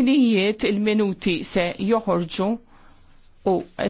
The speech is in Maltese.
Inijiet il-minuti se joħorġu u